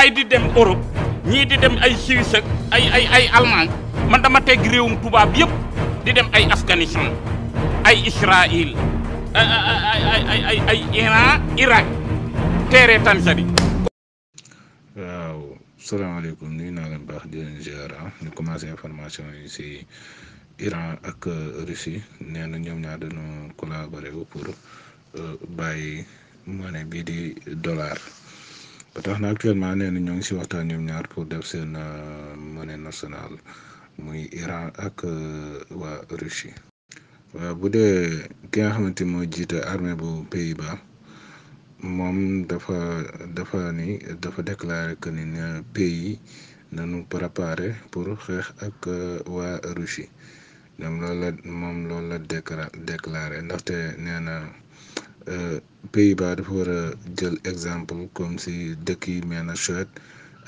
gars di dem Europe ñi di dem ay Suisse ak ay ay ay allemand man dama teg réewum tubaab yëpp di dem ay Afghanistan ay Israël ay ay ay ay ay Iran iraq téré tan Tanzanie. waaw alaykum nuyu na len bax di len ziar ñu commencé information yi si Iran ak euh, Russie néna ñom ñaar dañu collaborer pour euh bay monnaie bi di dollar. ba tax na actuellement nee na ñoo ngi si waxtaan ñoom ñaar pour def seen euh, monnaie nationale muy Iran ak euh, waa Russie. waaw bu dee ki nga xamante mooy jiite armée bu Pays-Bas moom dafa dafa ni dafa déclaré que ni ne pays nañu préparé pour xeex ak euh, waa Russie ñoom loolu la moom loolu la déclaré ndaxte nee na. Pays-Bas dafa war a jël exemple comme si dëkk yi mel na Suède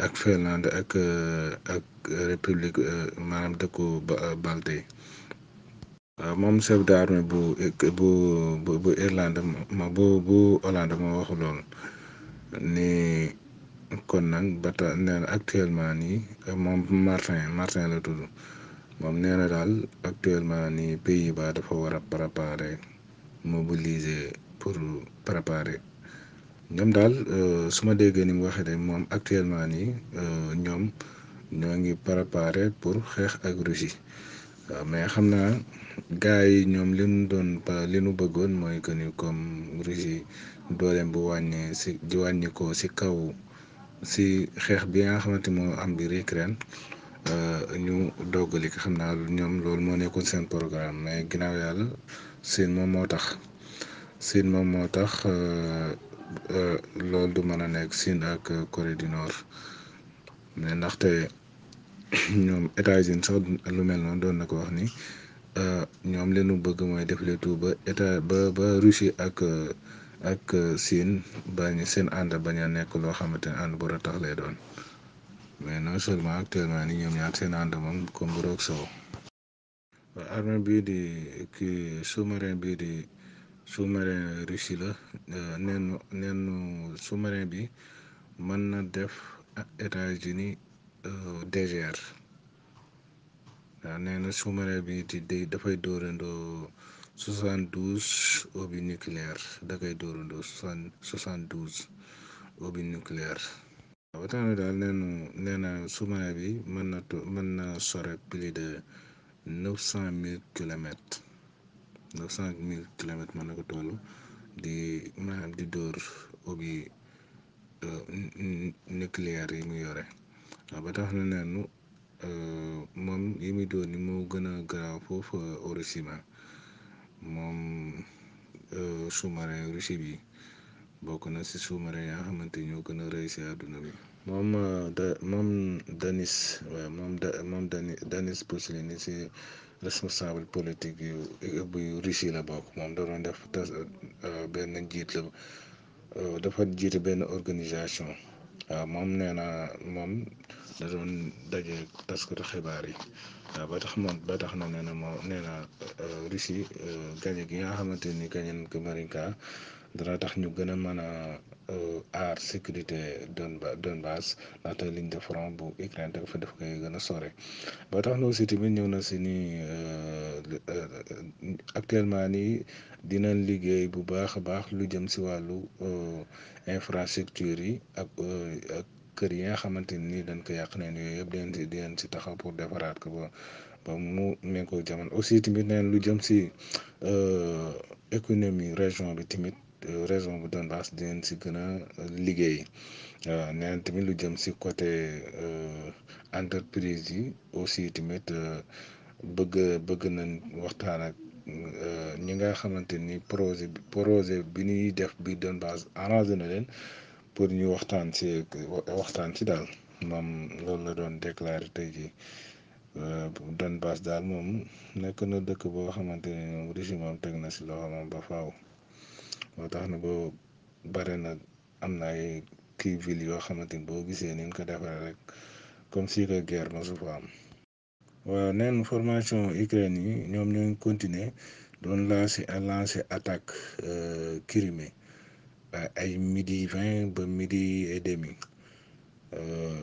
ak Finlande ak ak république maanaam dëkku Balti yi waaw moom chef d'armée bu bu bu Irlande ma bu bu Hollande moo wax loolu ni kon nag ba tax nee na actuellement nii moom Martin Martin la tudd moom nee na daal actuellement nii Pays-Bas dafa war a préparer mobiliser. pour préparer ñoom daal euh, su ma déggee ni mu waxee de moom actuellement nii euh, ñoom ñoo ngi préparer pour xeex ak Russie euh, mais xam naa gars yi ñoom li ñu doon li ñu bëggoon mooy que ni comme Russie dooleem bu wàññee si di wàññikoo ko si kaw si xeex bi nga xamante moo am biir Ukraine ñu doggali ko xam naa ñoom loolu moo nekkoon seen programme mais ginaaw yàlla seen moom moo tax. siin moom moo tax euh, euh, loolu du mën a nekk siin ak euh, coré du Nord mais ndaxte ñoom États-Unis sax lu mel doon na ko wax ni ñoom leenu bëgg mooy def le tout ba état ba ba Russie ak ak Chine bañ seen ànd bañ a nekk loo xamante ne ànd bu ratax lay doon mais non seulement actuellement ni ñoom ñaar seen ànd moom comme bu roog sow armée bii sous-marin bii di sous-marin Russie la euh, neenu neenu sous bi mën na def États-Unis euh, DGR waaw nee na sous-marin bi di dafay dóorandoo soixante douze obus nucléaire da koy dóorandoo soixante douze obus nucléaire waaw ba daal neenu nee na bi mën na mën na sore plus de neuf cent mille kilomètres neuf cent mille kilomètres mën na ko toll di maanaam di dóor obi euh, nucléaire yi mu yore ah, ba tax na naan euh, moom yi muy dóor ni moo gën a garaaw foofu euh, Hiroshima moom sous-marin Russie bi bokk na si sous-marin yaa xamante ñoo gën a rëy adduna bi. moom da moom Danis waaw moom ni si responsable politique yu bu Russie la book moom da doon def euh, benn njiit la euh, dafa jiite benn organisation waaw moom nee naa moom da doon daje taskatu xibaar yi ba tax man ba tax na nee na moo nee na euh, Russie gañe gi nga xamante ni gañe nañ Marinka dana tax ñu gën a mën a aar euh, sécurité Donbass ndaxte ligne de front bu Ukraine dafa def koy gën a sore boo tax na aussi tamit ñëw na si ni euh, actuellement nii dina liggéey bu baax a baax lu jëm si wàllu euh, infrastructure yi ak ak kër yi nga xamante ni dañ ko yàq neen yooyu yëpp dinañ si dinañ si taxaw pour defaraat ko ba ba mu méngoo jamono aussi tamit neen lu jëm si économie région bi tamit. Euh, raison bu Donbass dinañ si gën a euh, liggéey euh, nee na tamit lu jëm si côté entreprise yi aussi tamit bëgg bëgg nañ waxtaan ak ñi nga xamante ni projet bi projet bi ñuy def bi Donbass arrangé na leen pour ñu waxtaan si ci daal moom loolu la doon déclaré tey jii. Donbass daal moom nekk na dëkk boo xamante ne moom régime am teg na si loxo moom ba faaw. moo tax na boo bare na am na ay kii ville yoo xamante ni boo gisee ni ñu ko defaree rek comme si que guerre mosu fa am. waaw neen formation Ukraine yi ñoom ñoo ngi continuer doon lancer attaque euh, Crimée ay midi vingt ba midi et demi euh,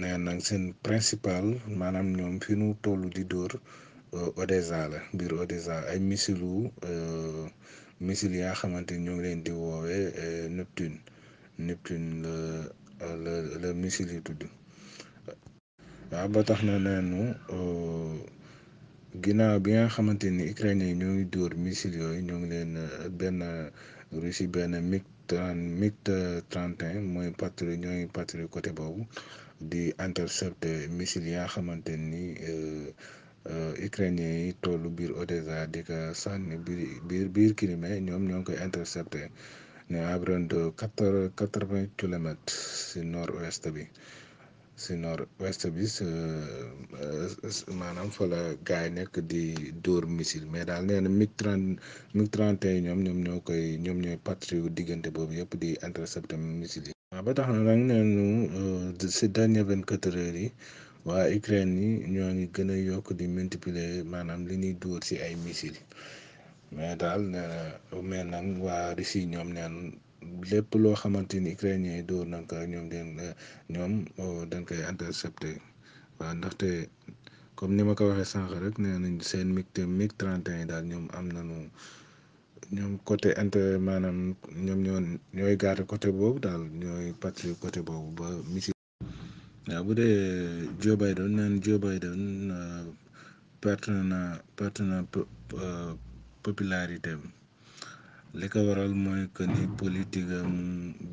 nee nag seen principal maanaam ñoom fi nu toll di dóor euh, Odessa la biir Odessa ay missilu missile yaa xamante ni ñoo ngi leen di woowee eh, Neptune Neptune la la la missile yi tudd waaw ba tax na neenu euh, ginnaaw bi nga xamante ni Ukraine yi ñoo ngi dóor missile yooyu ñoo ngi leen euh, benn Russie benn MiG MiG 31 mooy patrouille ñoo ngi patrouille côté boobu di intercepter missile yaa xamante ni. Euh, Euh, ukrainien yi tollu biir Odessa di ko sànni biir biir biir Crimée ñoom ñoo ngi koy intercepté ne environ de quatre quatre vingt kilomètres si nord ouest bi si nord west bi euh, maanaam fa la gars yi nekk di dóor missile mais daal nee na MiG 30 MiG 31 ñoom ñoom ñoo koy ñoom ñooy patrouille diggante boobu yëpp di intercepté missile yi. waaw ba tax na nag nee nañu euh, si dernier vingt quatre heures yi. waa Ukraine yi ñoo ngi gën a yokk di multiplier maanaam li ñuy dóor ci ay missile mais daal na mais nag waa Russie ñoom neen lépp loo xamante ni Ukrainiens yi dóor nañ ko ñoom den ñoom oh, dañ koy intercepté waaw ndaxte comme ni ma ko waxee sànq rek nee nañ seen MiG te MiG 31 yi daal ñoom am na nañu ñoom côté inter maanaam ñoom ñoo ñooy garder côté boobu daal ñooy patri côté boobu ba missile ya bu dee Joe Biden naan Joe Biden euh, perte na euh, popularité am li ko waral mooy que ni politique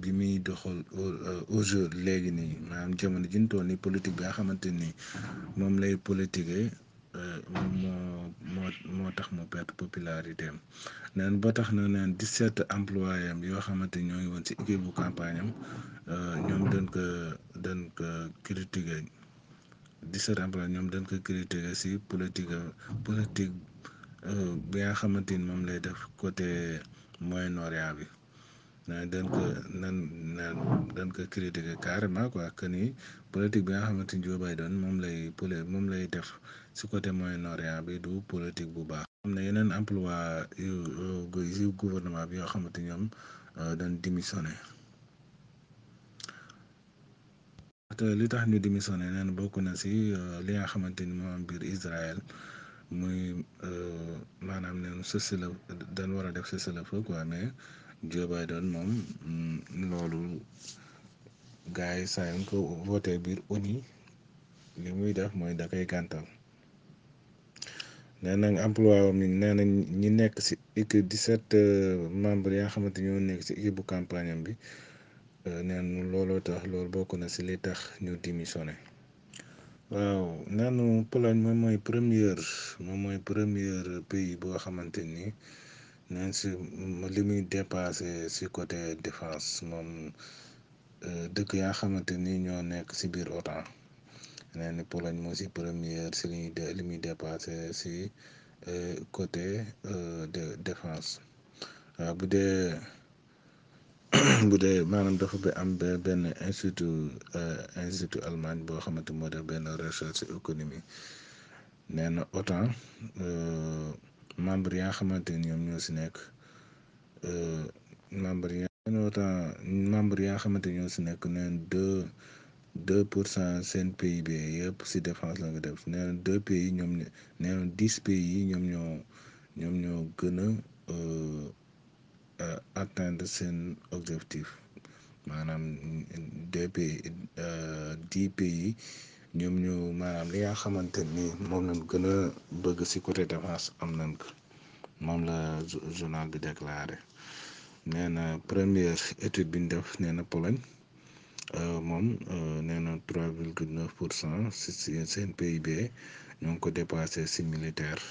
bi muy doxal au euh, jour léegi nii maanaam jamono ji ñu toll bi nga xamante ni moom lay politiquer moo moo tax mu perte popularité am neen ba tax na neen 17 employé am yoo xamante ñoo ngi woon ci équipe bu campagne am euh, ñoom dañ ko dan ko critiqué 17 employé ñoom dañ ko critiqué ci politique politique euh, bi nga xamante ni moom lay def côté Moyen-Orient bi mais dañ ko nan nan dañ ko critiquer carrément quoi que ni politique bi nga xamante ni Joe Biden moom lay poli moom lay def si côté Moyen-Orient bi du politique bu baax. am na yeneen emploi yu yu gouvernement bi yoo xamante ñoom euh, dañ démissionné li tax ñu démissionné neen bokk na si euh, li nga xamante ni moo am biir Israël muy euh, maanaam neen cessez le dañ def cessez le feu quoi mais Joe moom mm, loolu gars yi saa ko voté biir ONU li muy def mooy da koy nee nañ emploi wam nee nañ ñi nekk si équipe 17 euh, membres yaa xamante ñoo nekk si équipe bu campagne bi euh, neen looloo tax loolu bokk na si li tax ñu démissionné waaw neenu Pologne moom mooy première moom mooy première pays boo xamante ni neen si li muy dépassé si côté défense moom euh, dëkk yaa xamante ni ñoo nekk si biir OTAN nee na moo si première si li ñuy li muy dépassé si euh, côté euh, de défense waaw bu dee bu dee maanaam dafa ba am benn institut euh, institut Allemagne boo xamante moo de benn recherche économie nee na OTAN membre yaa xamante ni ñoom ñoo si nekk membre yaa OTAN membre yaa xamante ñoo si nekk neen deux deux pour cent seen PIB yëpp si défense la nga def nee na deux pays ñoom ñoom nee na pays yi ñoom ñoo ñoom ñoo gën a euh, euh, atteindre seen objectif maanaam deux pays euh, dix pays ñoom ñoo maanaam li nga xamante ni moom lañ gën a bëgg si côté défense am nañ ko moom la journal bi déclaré nee na première étude bi ñu def nee na Pologne. Euh, moom euh, nee na trois virgule neuf pour cent si seen PIB ñoo ngi ko dépassé si militaire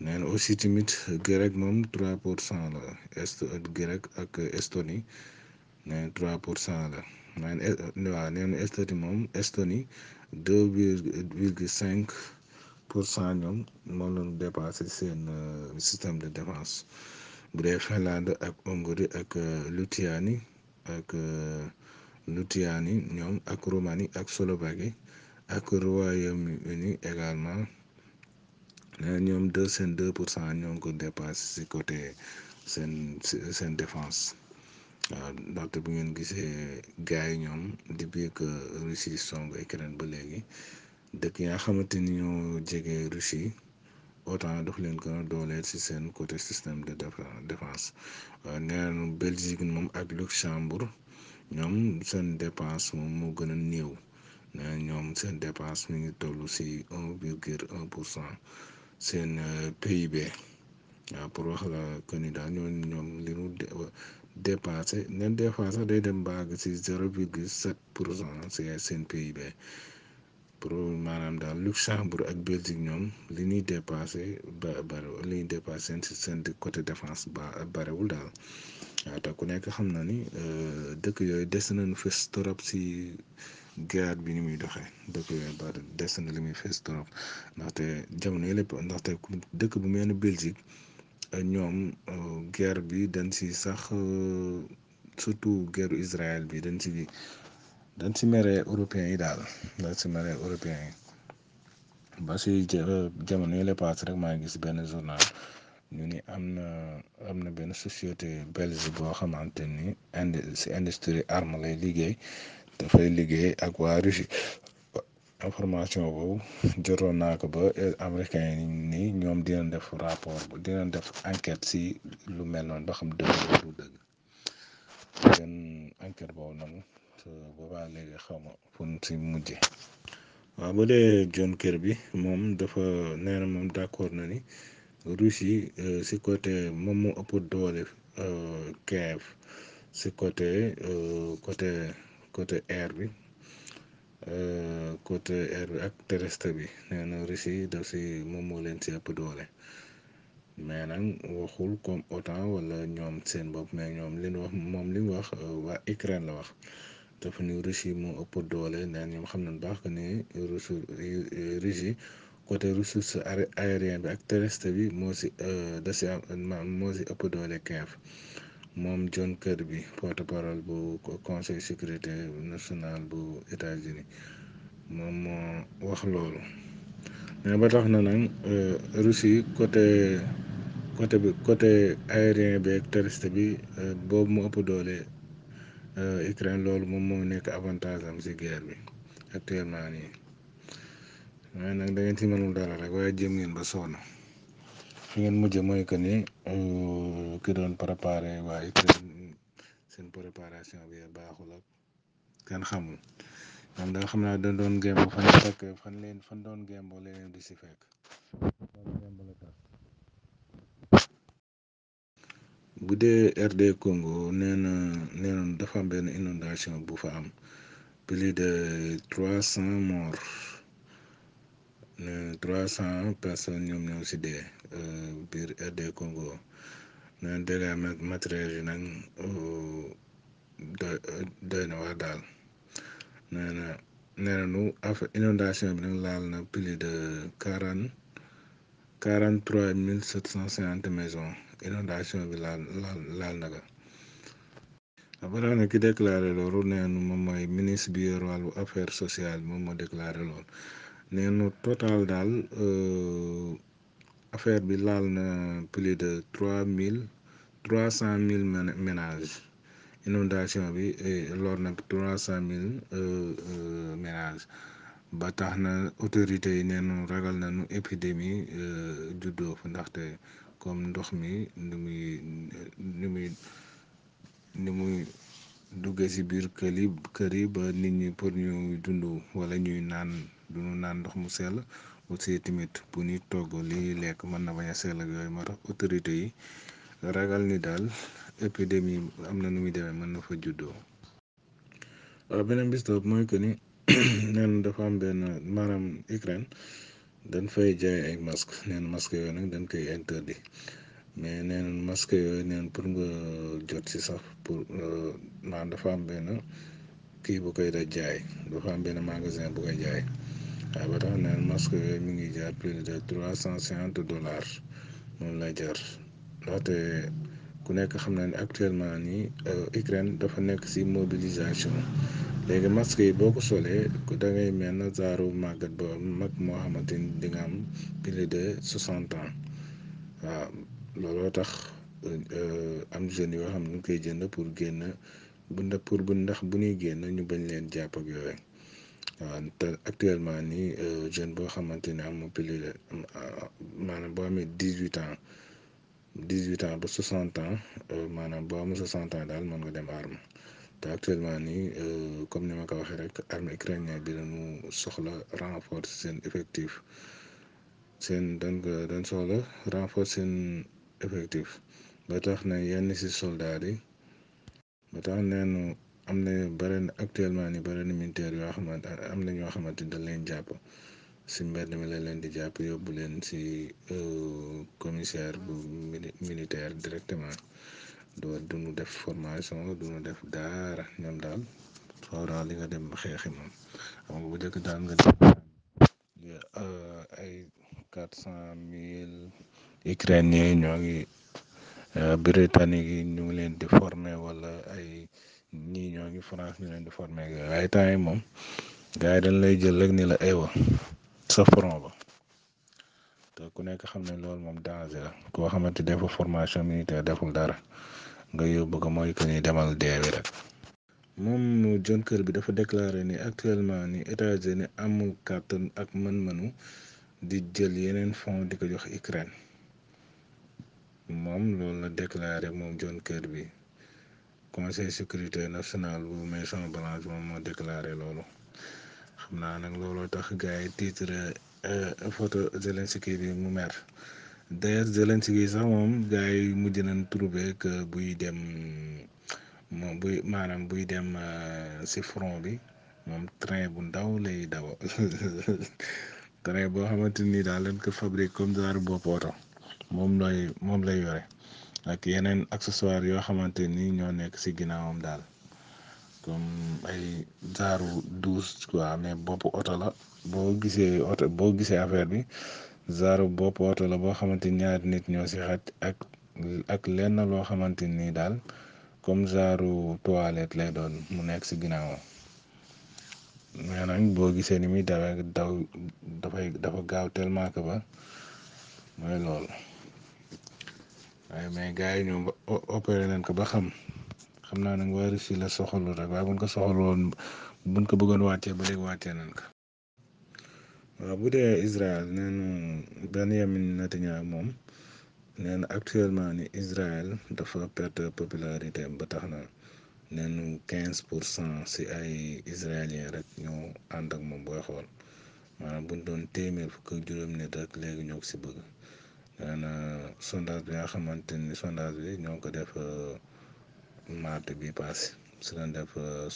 nee na aussi tamit Grèce moom trois pour cent la est euh, Grèce ak Estonie nee trois pour cent la nee Estonie moom Estonie deux virgule cinq pour cent ñoom moom la ñu dépassé seen système de défense bu dee Finlande ak Hongrie ak Lituanie ak. Lutiani, Nyom, ak Roumanie ak Slovaquie ak Royaume-Uni également ñoom deux seen deux pour cent ñoo ngi ko dépassé si côté seen seen défense waaw ndaxte bu ngeen gisee gars yi ñoom depuis que Russie song Ukraine ba léegi dëkk yaa xamante ni ñoo jege Russie autant daf leen gën a dooleel si seen côté système de défense waaw nee nañu Belgique moom ak Luxembourg. ñoom seen dépense moom moo gën a néew ñoom seen dépense mi ngi tollu si un virgule un pour cent seen euh, PIB waaw pour wax la que ni daal ñoom ñoom li mu dépassé nen dépassé day dem baag si zéro virgule sept pour cent seen PIB pour maanaam daal Luxembourg ak Belgique ñoom li ñuy dépasé ba bare li ñuy dépassé seen côté défense ba barewul daal. waaw ku nekk xam na ni euh, dëkk yooyu des nañu fës torop si giraat bi ni muy doxee dëkk yooyu ba des na li muy fës torop ndaxte jamono yi lépp ndaxte dëkk bu mel ni Belgique euh, ñoom euh, guerre bi dañ si sax surtout guerre Israël bi dañ si dañ si mere européens yi daal dañ si mere ba si jamono yi la paase rek maa ngi gis benn journal. ñu ni am na am na benn société belge boo xamante ni indi si industrie arme lay liggéey dafay liggéey ak waa Russie information boobu jotoon naa ko ba américain yi ni ñoom dinañ def rapport dinañ def enquête si lu mel noonu ba xam dëgg du dëgg kon enquête boobu noonu boobaa léegi xaw ma fun si mujje waaw bu dee John Kirby moom dafa nee moom d'accord na ni Russie euh, si côté moom moo ëpp doole euh, Kiev si côté euh, côté côté air bi côté air bi ak terrestre bi nee na Russie daf si moom moo leen si ëpp doole mais nag waxul comme OTAN wala ñoom seen bopp mais ñoom li ñu wax moom li mu wax waa Ukraine la wax dafa ni Russie moo ëpp doole neen ñoom xam nañ baax que ni Russie côté ressource aérienne bi ak terrestre bi moo si euh, da si am moo si ëpp doole Kiev moom John Kirby porte parole bu conseil sécurité nationale bu États-Unis moom moo wax loolu mais ba tax na nag euh, Russie côté côté bi côté aérien bi ak terrestre bi euh, boobu mu ëpp doole Ukraine loolu moom moo nekk avantage am si guerre bi actuellement nii. waaye nag da ngeen ci mënul dara rek waaye jéem ngeen ba sonn fi ngeen mujj mooy que ni euh, ki doon préparé waaye seen préparation bi baaxul ak kenn xamul man daal xam naa doon doon gémbo fan fekk fan leen fan doon gémbo leneen di si fekk bu dee RD Congo nee na nee na benn inondation bu fa am plus de trois cent morts neen trois cent personnes ñoom ñoo si dee euh, biir RD Congo neen dégâts matériels yi nag euh, euh, doy na wax daal nee na nu affaire inondation bi nag laal na plus de quarante quarante trois mille sept cent cinquante maisons inondation bi laal laal laal na ko apparemment ki déclaré loolu nee na moom mooy ministre bi yor affaire sociale moom moo déclaré loolu nee na total daal euh, affaire bi laal na plus de trois mille trois cent mille ménage inondation bi lor na trois cent mille euh, euh, ménages ba tax na autorités yi neenu ragal nañu épidémie juddoo fa ndaxte comme ndox mi ni muy ni muy ni duggee ci biir kër yi ba nit ñi pour ñu dund wala ñuy naan du ñu naan ndox mu sell aussi tamit bu ñuy togg li ñuy lekk mën na bañ a sell ak yooyu moo tax autorité yi ragal ni daal épidémie am na nu muy demee mën na fa juddoo. waaw beneen bis mooy que ni neen dafa am benn maanaam Ukraine dañ fay jaay ay masques neen masques yooyu nag dañ koy interdi mais neen masques yooyu neen pour nga jot ci sax pour euh, maanaam dafa am benn kii bu koy da jaay dafa am benn magasin bu koy jaay. waaye ba tax neen masque yooyu mi ngi jaar plus de trois cent cinquante dollars moom lay jar ndaxte ku nekk xam na ni actuellement ni Ukraine dafa nekk si mobilisation léegi masque yi boo ko solee da ngay menn na zaaru màggat ba mag moo xamante ne di nga am plus de soixante ans waaw looloo tax am jeunes yoo xam ne ñu koy jënd pour génn bu ndax pour bu ndax bu ñuy génn ñu bañ leen jàpp ak yooyu. waaw te actuellement nii jeune boo xamante ni am mobili la maanaam boo amee dix huit ans dix huit ans ba soixante ans maanaam boo amee soixante ans daal mën nga dem arme te actuellement nii comme ni ma ko waxee rek armée ukrainien bi dañu soxla renforcer seen effectif seen dañ ko dañ soxla renforcer seen effectif ba tax na yenn si soldat yi ba tax neenu am na bare na actuellement ni bare na militaire yoo xamante am na ñoo xamante dañ leen jàpp si mbedd mi la leen di jàpp yóbbu leen si euh, commissaire bu militaire directement du duñu def formation duñu def dara ñoom daal fawra li nga dem xeexi moom xam nga bu njëkk daan nga dem euh, ay quatre cent mille ukrainiens ñoo ngi euh, britannique yi ñu ngi leen di former wala ay ñii ñoo ngi France ñu leen di formé waaye temps yi moom gars yi dañ lay jël rek ni la aywa sa front ba te ku nekk xam ne loolu moom danger la koo xamante deful formation militaire deful dara nga yóbbu ko mooy que ni demal deewi rek. moom kër bi dafa déclaré ni actuellement ni États-Unis amul kàttan ak mën-mënu di jël yeneen fonds di ko jox Ukraine moom loolu la déclaré moom jon kër bi conseil sécurité national bu maison Blanche moom moo déclaré loolu xam naa nag looloo tax gaay titre euh photo Zelensky bi mu mer d'ailleurs Zelensky sax mom gaay mujj nañ trouver que buy dem moom buy manam buy dem ci front bi mom train bu ndaw lay daw train bo xamanteni ni daal ko fabrique comme dar bopp oto moom lay mom lay yoré ak yeneen accessoire yoo xamante ni ñoo nekk ci ginnaawam daal kom ay zaaru douche quoi mais bopp oto la boo gisee oto boo gisee affaire bi zaaru bopp oto la boo xamante ni ñaari nit ñoo ci xaj ak ak lenn loo xamante ni daal comme zaaru toilette lay doon mu nekk ci ginnaawam mais nag boo gisee ni muy dawee dafay dafa gaaw tellement que ba mooy lool waaye mais gars yi ñoom opéré nañ ko ba xam xam naa nag waa Russie la soxalu rek waaye ko soxal woon buñ ko bëggoon wàccee ba léegi wàccee nañ ko waaw bu dee Israël nee na Benyamin Netanyahu moom nee na actuellement ni Israël dafa perte popularité ba tax na nee quinze pour cent si ay israéliens rek ñoo ànd ak moom booy xool maanaam buñ doon téeméer fukk ak juróom nit rek léegi ñoo ko si bëgg sondage bi nga xamante ni sondage bi ñoo ko def euh, mardi bi passé si lañ def euh,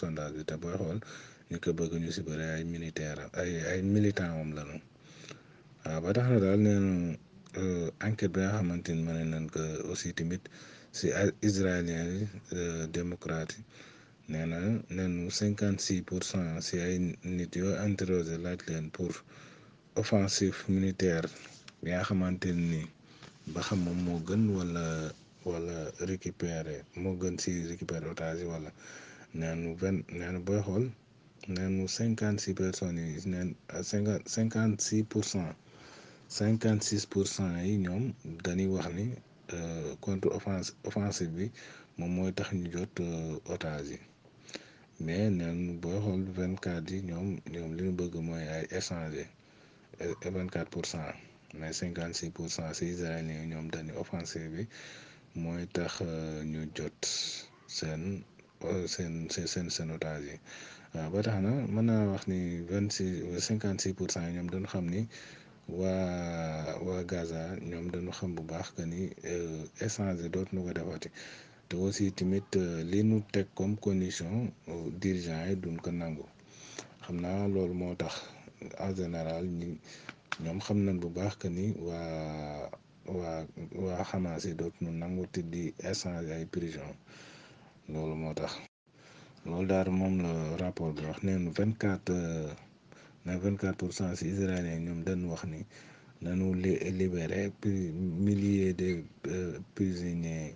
sondage bi te booy ñu ko bëgg ñu si bëri ay militaire ay ay militant moom lañu waaw ba tax na daal neenu euh, enquête bi nga xamante ni mën nañ ko aussi tamit si israélien yi démocrate yi nee na cinquante six pour cent si ay nit yoo interrogé laaj pour offensive militaire yaa xamanteni ni ba xam moom moo gën wala wala récupérer moo gën si récupérer otage wala neenu vingt neenu booy xool neenu cinquante six personnes yi neen cinquante six pour cent cinquante six pour cent yi ñoom dañuy wax ni euh, contre offense offensive bi moom mooy tax ñu jot euh, otage yi mais neenu booy xool vingt quatre yi ñoom ñoom li ñu bëgg mooy ay échanger vingt quatre pour cent mais cinquante six pour cent si israéliens yi ñoom dañu offensive bi mooy tax euh, ñu jot euh, seen seen seen seen ba tax na mën naa wax ni vingt six cinquante six pour cent yi ñoom dañu xam ni waa waa Gaza ñoom dañu xam bu baax que ni euh, échanger dootuñu ko defati te aussi tamit li nu teg kom condition dirigeant yi duñ ko nangu xam naa loolu moo tax en général ñoom xam nañ bu baax que ni waa waa waa Hamas yi dootuñu nangu te di échanger ay prison loolu moo tax loolu daal moom la rapport bi wax neen vingt quatre na vingt quatre pour cent si israéliens ñoom dañu wax ni nañu libéré milliers de euh, prisonniers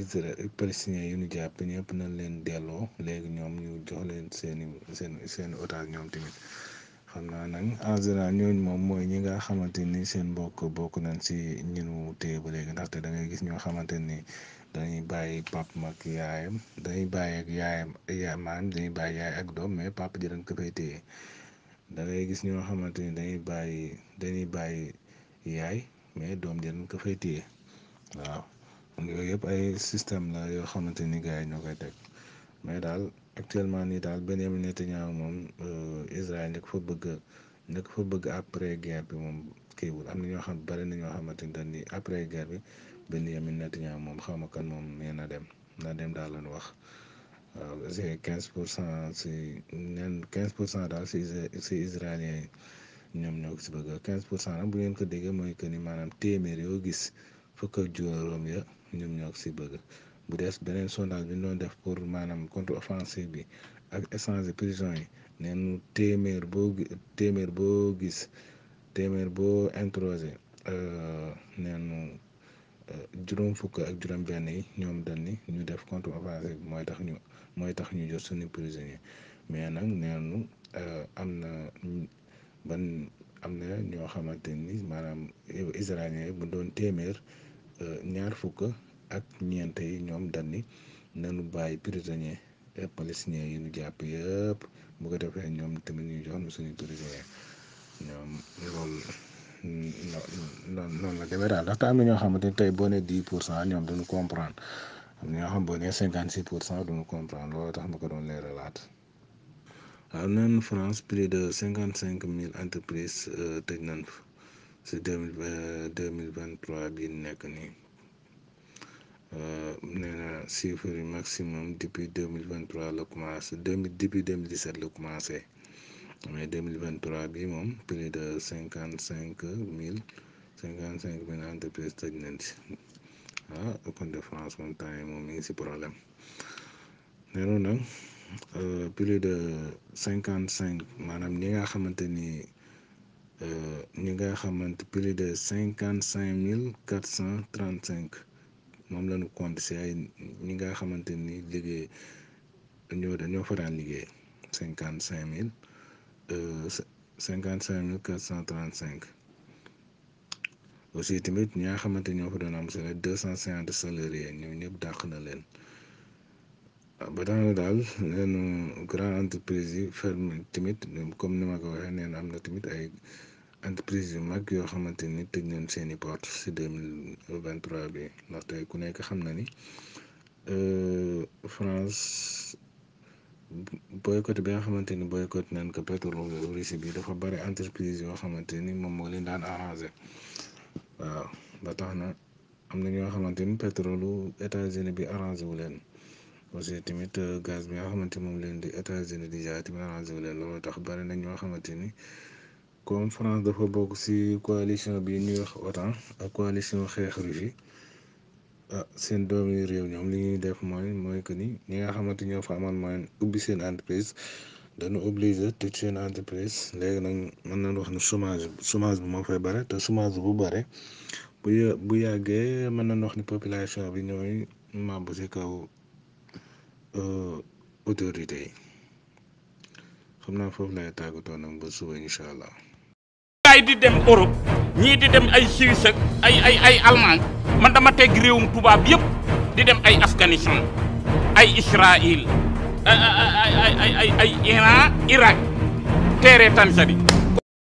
israéliens palestiniens yi nu jàpp ñëpp na leen delloo léegi ñoom ñu jox leen seen i seen seen otage ñoom tamit xam naa nag en général ñooñu moom mooy ñi nga xamante ni seen mbokk bokk nañ si ñinu téye ba léegi ndaxte da ngay gis ñoo xamante ni dañuy bàyyi pap mag yaayam dañuy bàyyi yaayam maanaam dañuy bàyyi yaay ak doom mais pap ji dañ ko fay téye dangay gis ñoo xamante ni dañuy bàyyi dañuy bàyyi yaay mais doom ji dañ ko fay téye waaw yooyu yëpp ay système la yoo xamante ni gars ñoo koy teg mais daal. actuellement nii daal Benyamin Netanyahu moom euh, Israël nekk fa bëgg nekk fa bëgg après guerre bi moom kiiwul am na ñoo xam bari na ñoo xamante ne ni après guerre bi Benyamin Netanyahu moom xaw ma kan moom nee na dem na dem daal lañu wax waaw euh, quinze pour cent si neen quinze pour cent daal si si israéliens ñoom ñoo ko si bëgg quinze pour cent nag bu ngeen ko déggee mooy que ni maanaam téeméer yoo gis fukk ak juróom ya ñoom ñoo ko si bëgg bu des beneen sondage bi ñu def pour maanaam contre offensive bi ak échange de yi neenu téeméer boo boo gis téeméer bo introsé euh, neenu euh, juróom fukk ak juróom benn yi ñoom dañ ni ñu def contre offensive bi mooy tax ñu mooy tax ñu jot suñu prisonnier mais nag neenu euh, am na ban am na ñoo xamante ni maanaam israélien bu doon téeméer ñaar fukk ak ñent yi ñoom danni ni nañu bàyyi prisonnier palestinien yi ñu jàpp yëpp bu ko defee ñoom tamit ñu jox ñu suñu prisonnier ñoom loolu noonu la demee daal ndaxte am na ñoo xamante ni tey boo nee dix pour cent ñoom dañu comprendre am na ñoo xam boo nee cinquante six pour cent duñu comprendre loolu tax ma ko doon leeralaat. waaw naan France plus de cinquante cinq mille entreprises euh, tëj nañ fa si deux mille euh, vingt trois bii nekk nii. Euh, nee na chiffre yi maximum depuis deux mille vingt trois la commencé deux mille depuis deux mille dix commencé mais deux mille vingt bii moom plus de cinquante cinq mille cinquante cinq mille entreprises tëj nañ ah kon de France moom temps moom mi ngi si problème nee noonu nag euh, plus de cinquante cinq maanaam ñi nga xamante ni euh, ñi nga xamante plus de cinquante cinq mille quatre cent trent cinq. moom lañu compte si ay ñi nga xamante ni liggéey ñoo fa daan liggéey cinquante cinq mille euh, cinquante cinq mille quatre cinq aussi tamit ñaa nga xamante ñoo fa doon am salaire deux cent cinquante salariés ñoom ñëpp dàq na leen ba tax daal leenu grand entreprise yi ferme tamit comme ni ma ko waxee neen am na tamit ay entreprise yu mag yoo xamante ni tëj nañ seeni i porte si deux mille vingt trois bi ndaxte ku nekk xam na ni euh, France boycott bi nga xamante ni boycott nañ ko pétrole Russie bi dafa bari entreprise yoo xamante ni moom moo leen daan arrangé waaw ba tax na am na ñoo xamante ni pétrole États-Unis bi arrangé wu leen. aussi tamit euh, gaz bi nga xamante moom leen di États-Unis di jaay tamit arrangé wu leen looloo tax bari na ñoo xamante ni. comme France dafa bokk ci coalition bi ñuy wax OTAN ak coalition xeex Russie ah seen doomi réew ñoom li ñuy def mooy mooy que ni ñi nga xamante ñoo fa amoon moyen ubbi seen entreprise dañu obligé tëj seen entreprise léegi nag mën nañ wax ne chômage chômage bi moo fay bare te chômage bu bare bu bu yàggee mën nañ wax ni population bi ñooy màbb ci kaw autorité yi xam naa foofu lay tàggatoo nag ba suba incha allah. gars di dem Europe ñii di dem ay Suisse ak ay ay ay Allemagne man dama teg réewum tubaab yépp di dem ay Afghanistan ay Israël ay Iran Irak teere Tanzanie